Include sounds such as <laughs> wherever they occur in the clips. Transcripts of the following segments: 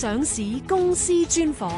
上市公司專訪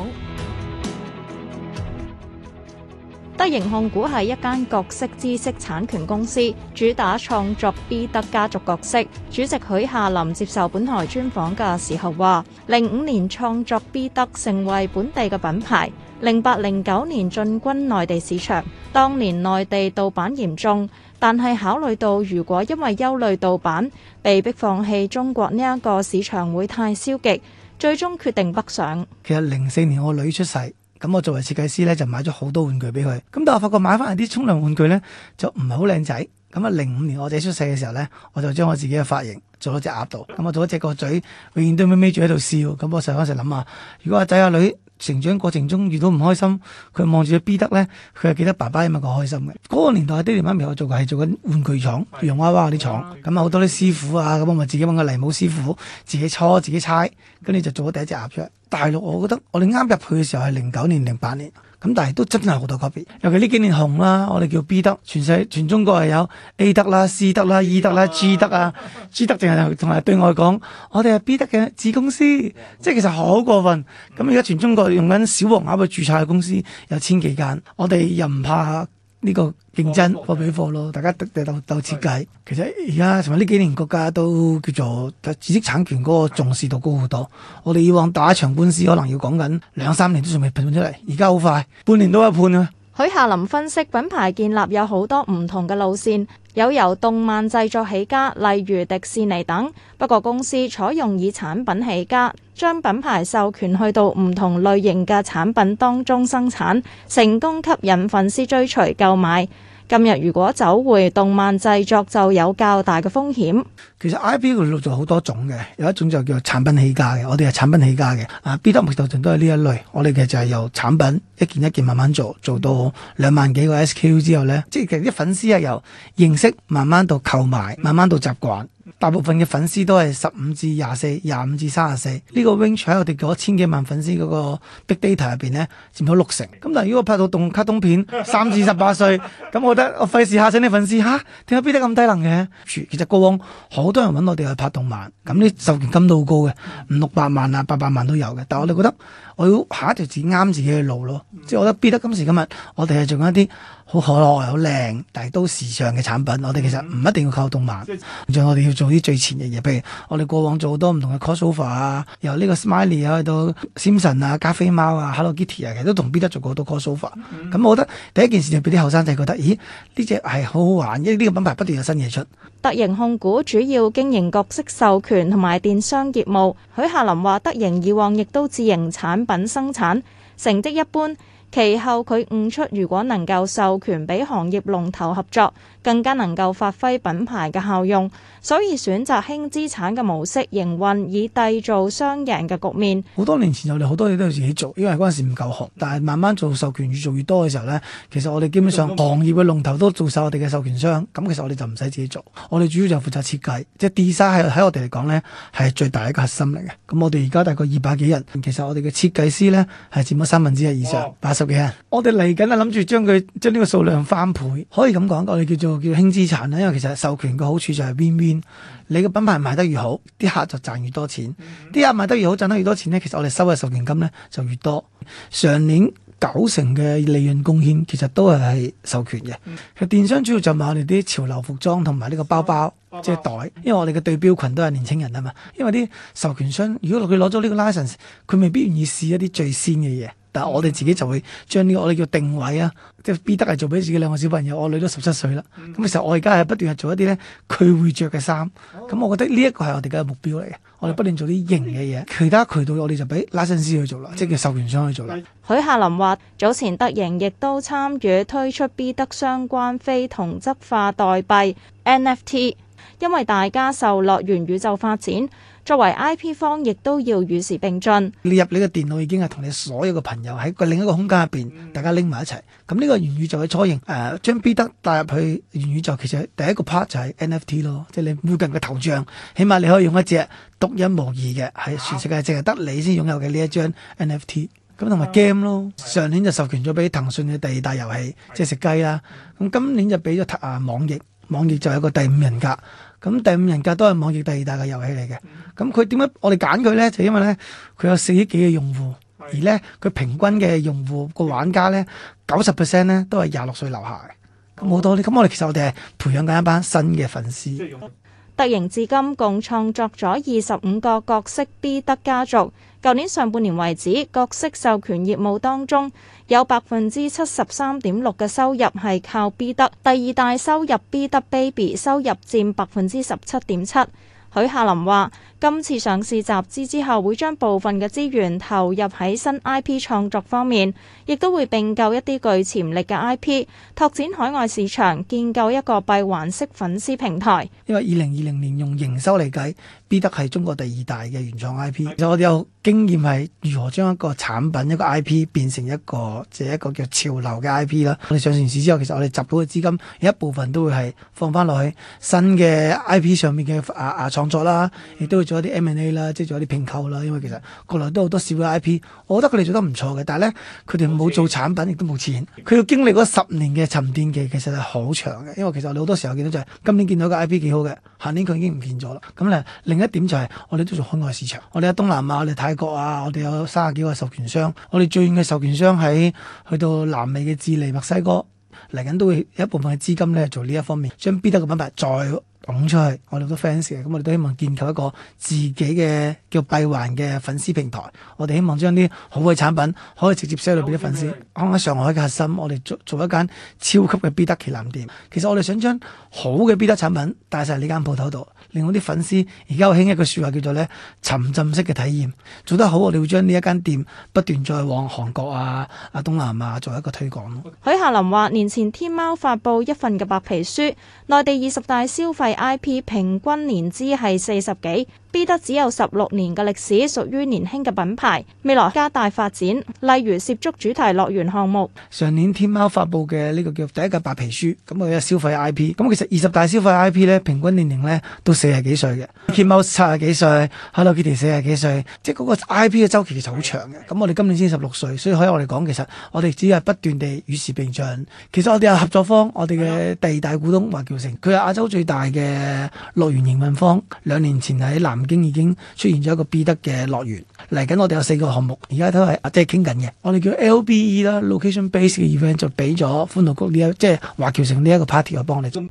德盈控股係一間角色知識產權公司，主打創作 B.Duck 家族角色，主席許夏林接受本台專訪嘅時候話，零五年創作 B.Duck 成為本地嘅品牌，零八零九年進軍內地市場。當年內地盜版嚴重，但係考慮到如果因為憂慮盜版，被迫放棄中國呢一個市場，會太消極。最終決定北上。其實零四年我女出世，咁我作為設計師咧就買咗好多玩具俾佢。咁但係我發覺買翻嚟啲沖涼玩具咧就唔係好靚仔。咁啊零五年我仔出世嘅時候咧，我就將我自己嘅髮型做咗隻鴨度。咁我做咗隻個嘴永遠都咪眯住喺度笑。咁我嗰時喺度諗下，如果阿仔阿女，成長過程中遇到唔開心，佢望住佢 B 得咧，佢係記得爸爸啊嘛，佢開心嘅。嗰個年代，阿爹哋媽咪我做過係做緊玩具廠、洋娃娃嗰啲廠，咁啊好多啲師傅啊，咁我咪自己揾個泥模師傅，自己搓、自己猜，跟住就做咗第一隻鴨出嚟。大陸我覺得我哋啱入去嘅時候係零九年、零八年。咁但係都真係好多級別，尤其呢幾年紅啦，我哋叫 B 德，全世全中國係有 A 德啦、C 德啦、E 德啦、G 德啊，G 德淨係同埋對外講，我哋係 B 德嘅子公司，即係其實好過分。咁而家全中國用緊小黃鴨去註冊嘅公司有千幾間，我哋又唔怕。呢個競爭貨比貨咯，各各大家鬥鬥設計。哎、其實而家同埋呢幾年國家都叫做知識產權嗰個重視度高好多。我哋以往打場官司可能要講緊兩三年都仲未判出嚟，而家好快，半年都一判啊！許夏林分析，品牌建立有好多唔同嘅路線，有由動漫製作起家，例如迪士尼等。不過公司採用以產品起家，將品牌授權去到唔同類型嘅產品當中生產，成功吸引粉絲追隨購買。今日如果走回動漫製作，就有較大嘅風險。其實 I P 嘅錄咗好多種嘅，有一種就叫產品起家嘅，我哋係產品起家嘅。啊，B.Duck 圖騰都係呢一類，我哋嘅就係由產品一件一件慢慢做，做到兩萬幾個 S Q 之後咧，即係其實啲粉絲係由認識慢慢到購買，慢慢到習慣。大部分嘅粉絲都係十五至廿四、廿五至三十四，呢個 w i n g e 喺我哋嗰千幾萬粉絲嗰個 big data 入邊呢，佔到六成。咁但係如果我拍到動卡通片，三至十八歲，咁 <laughs> 我覺得我費事嚇親啲粉絲吓，點解 B 得咁低能嘅？其實高往好多人揾我哋去拍動漫，咁啲授權金都好高嘅，五六百萬啊、八百萬都有嘅。但係我哋覺得我要下一條線啱自己嘅路咯，即係、嗯、我覺得 B 得今時今日，我哋係做緊一啲好可愛、好靚，但係都時尚嘅產品。我哋其實唔一定要靠動漫，即係、嗯、我哋要做。啲最前嘅嘢，譬如我哋過往做好多唔同嘅 crossover 啊，由呢個 Smiley 啊到 Simpson 啊、加菲貓啊、Hello Kitty 啊，其實都同 B.Duck 做過好多 crossover。咁、嗯、我覺得第一件事就俾啲後生仔覺得，咦呢隻係好好玩，因為呢個品牌不斷有新嘢出。德盈控股主要經營角色授權同埋電商業務，許夏林話：德盈以往亦都自營產品生產，成績一般。其後佢悟出，如果能夠授權俾行業龍頭合作，更加能夠發揮品牌嘅效用，所以選擇輕資產嘅模式營運，以製造雙贏嘅局面。好多年前我哋好多嘢都要自己做，因為嗰陣時唔夠學。但係慢慢做授權越做越多嘅時候呢，其實我哋基本上行業嘅龍頭都做晒我哋嘅授權商，咁其實我哋就唔使自己做。我哋主要就負責設計，即係 design 係喺我哋嚟講呢，係最大一個核心嚟嘅。咁我哋而家大概二百幾人，其實我哋嘅設計師呢係佔咗三分之一以上，oh. 我哋嚟緊啊，諗住將佢將呢個數量翻倍，可以咁講，我哋叫做叫做輕資產啦。因為其實授權嘅好處就係 win win，你個品牌賣得越好，啲客就賺越多錢。啲、嗯、客賣得越好，賺得越多錢咧，其實我哋收嘅授權金咧就越多。上年。九成嘅利潤貢獻其實都係係授權嘅。其實、嗯、電商主要就賣我哋啲潮流服裝同埋呢個包包、包包即係袋。因為我哋嘅對標群都係年青人啊嘛。因為啲授權商如果佢攞咗呢個 license，佢未必願意試一啲最先嘅嘢。但係我哋自己就會將呢、呢個我哋叫定位啊，即係必得係做俾自己兩個小朋友。我女都十七歲啦。咁、嗯、其實我而家係不斷係做一啲咧佢會着嘅衫。咁、嗯、我覺得呢一個係我哋嘅目標嚟嘅。我哋不斷做啲型嘅嘢，其他渠道我哋就俾拉新斯，去做啦，即係授完商去做啦。許夏林話，早前德盈亦都參與推出 B 得相關非同質化代幣 NFT，因為大家受落元宇宙發展。作為 I P 方，亦都要與時並進。你入你嘅電腦已經係同你所有嘅朋友喺個另一個空間入邊，嗯、大家拎埋一齊。咁呢個元宇宙嘅初形，誒、呃，將 B 得帶入去元宇宙，其實第一個 part 就係 N F T 咯，即係你附近嘅頭像，起碼你可以用一隻獨一無二嘅，喺全世界淨係得你先擁有嘅呢一張 N F T。咁同埋 game 咯，嗯、上年就授權咗俾騰訊嘅第二大遊戲，即係食雞啦。咁、嗯嗯、今年就俾咗啊網易。網易就係一個第五人格，咁第五人格都係網易第二大嘅遊戲嚟嘅。咁佢點解我哋揀佢咧？就因為咧佢有四億幾嘅用戶，是的 而咧佢平均嘅用戶個是的 玩家咧，九十 percent 咧都係廿六歲樓下嘅，冇多啲。咁我哋其實我哋係培養緊一班新嘅粉絲。德盈至今共創作咗二十五個角色，B.Duck 家族。舊年上半年為止，角色授權業務當中有百分之七十三點六嘅收入係靠 B.Duck，第二大收入 B.Duck Baby 收入佔百分之十七點七。許夏林話。今次上市集資之後，會將部分嘅資源投入喺新 IP 創作方面，亦都會併購一啲具潛力嘅 IP，拓展海外市場，建構一個閉環式粉絲平台。因為二零二零年用營收嚟計，B.Duck 係中國第二大嘅原創 IP。其實我哋有經驗係如何將一個產品，一個 IP 變成一個即係、就是、一個叫潮流嘅 IP 啦。我哋上，上市之後，其實我哋集到嘅資金有一部分都會係放翻落去新嘅 IP 上面嘅啊啊創作啦，亦都會。做一啲 M&A 啦，即係做一啲併購啦，因為其實國內都好多小嘅 IP，我覺得佢哋做得唔錯嘅，但係咧佢哋冇做產品，亦都冇錢，佢要經歷嗰十年嘅沉澱期，其實係好長嘅。因為其實我哋好多時候見到就係、是、今年見到個 IP 幾好嘅，下年佢已經唔見咗啦。咁咧另一點就係、是、我哋都做海外市場，我哋喺東南亞、我哋泰國啊，我哋有三十幾個授權商，我哋最遠嘅授權商喺去到南美嘅智利、墨西哥，嚟緊都會有一部分嘅資金咧做呢一方面，將 B.Duck 嘅品牌再。講出去，我哋好多 fans 嘅，咁、嗯、我哋都希望建構一個自己嘅叫閉環嘅粉絲平台。我哋希望將啲好嘅產品可以直接 sell 到俾啲粉絲。我喺、嗯嗯、上海嘅核心，我哋做做一間超級嘅必得旗艦店。其實我哋想將好嘅必得產品帶晒喺呢間鋪頭度，令到啲粉絲。而家好興一個説話叫做咧沉浸式嘅體驗做得好，我哋會將呢一間店不斷再往韓國啊、啊東南亞、啊、做一個推廣咯。Okay. 許夏林話：年前，天貓發布一份嘅白皮書，內地二十大消費。I.P. 平均年資係四十幾。B 得只有十六年嘅歷史，屬於年輕嘅品牌，未來加大發展，例如涉足主題樂園項目。上年，天貓發布嘅呢個叫第一個白皮書，咁我嘅消費 I P，咁其實二十大消費 I P 咧，平均年齡咧都四十幾歲嘅。 <noise> K 貓七十幾歲 <noise> ，Hello Kitty 四十幾歲，即係嗰個 I P 嘅周期其實好長嘅。咁 <noise> 我哋今年先十六歲，所以可以我哋講，其實我哋只係不斷地與時並進。其實我哋有合作方，我哋嘅第二大股東華僑城，佢係亞洲最大嘅樂園營運方。兩年前喺南。已經已經出現咗一個 B.Duck 嘅樂園嚟緊，我哋有四個項目，而家都係阿爹傾緊嘅。我哋叫 LBE 啦，location based 嘅 event 就俾咗歡樂谷呢一即係華僑城呢一個 party 我哋。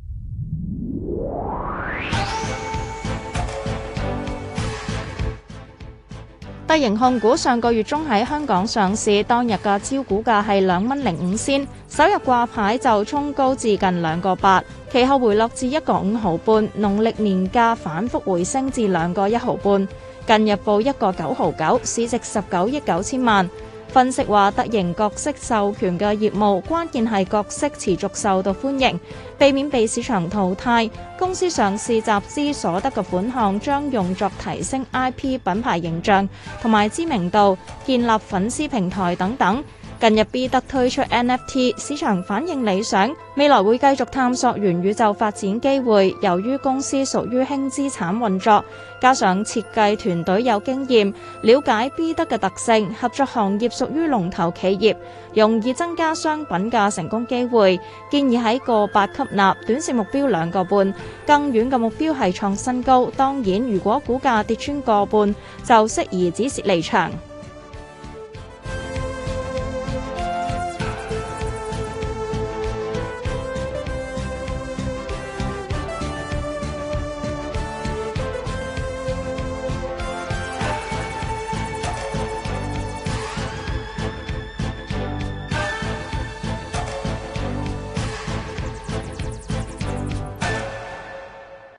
德盈控股上個月中喺香港上市，當日嘅招股價係兩蚊零五仙，首日掛牌就衝高至近兩個八。其後回落至一個五毫半，農曆年價反覆回升至兩個一毫半，近日報一個九毫九，市值十九億九千萬。分析話，特型角色授權嘅業務關鍵係角色持續受到歡迎，避免被市場淘汰。公司上市集資所得嘅款項將用作提升 IP 品牌形象同埋知名度，建立粉絲平台等等。近日 B.Duck 推出 NFT，市場反應理想，未來會繼續探索元宇宙發展機會，由於公司屬於輕資產運作，加上設計團隊有經驗了解 B.Duck 嘅特性，合作行業屬於龍頭企業，容易增加商品嘅成功機會，建議喺個八吸納，短線目標兩個半，更遠嘅目標係創新高。當然，如果股價跌穿個半，就適宜止蝕離場。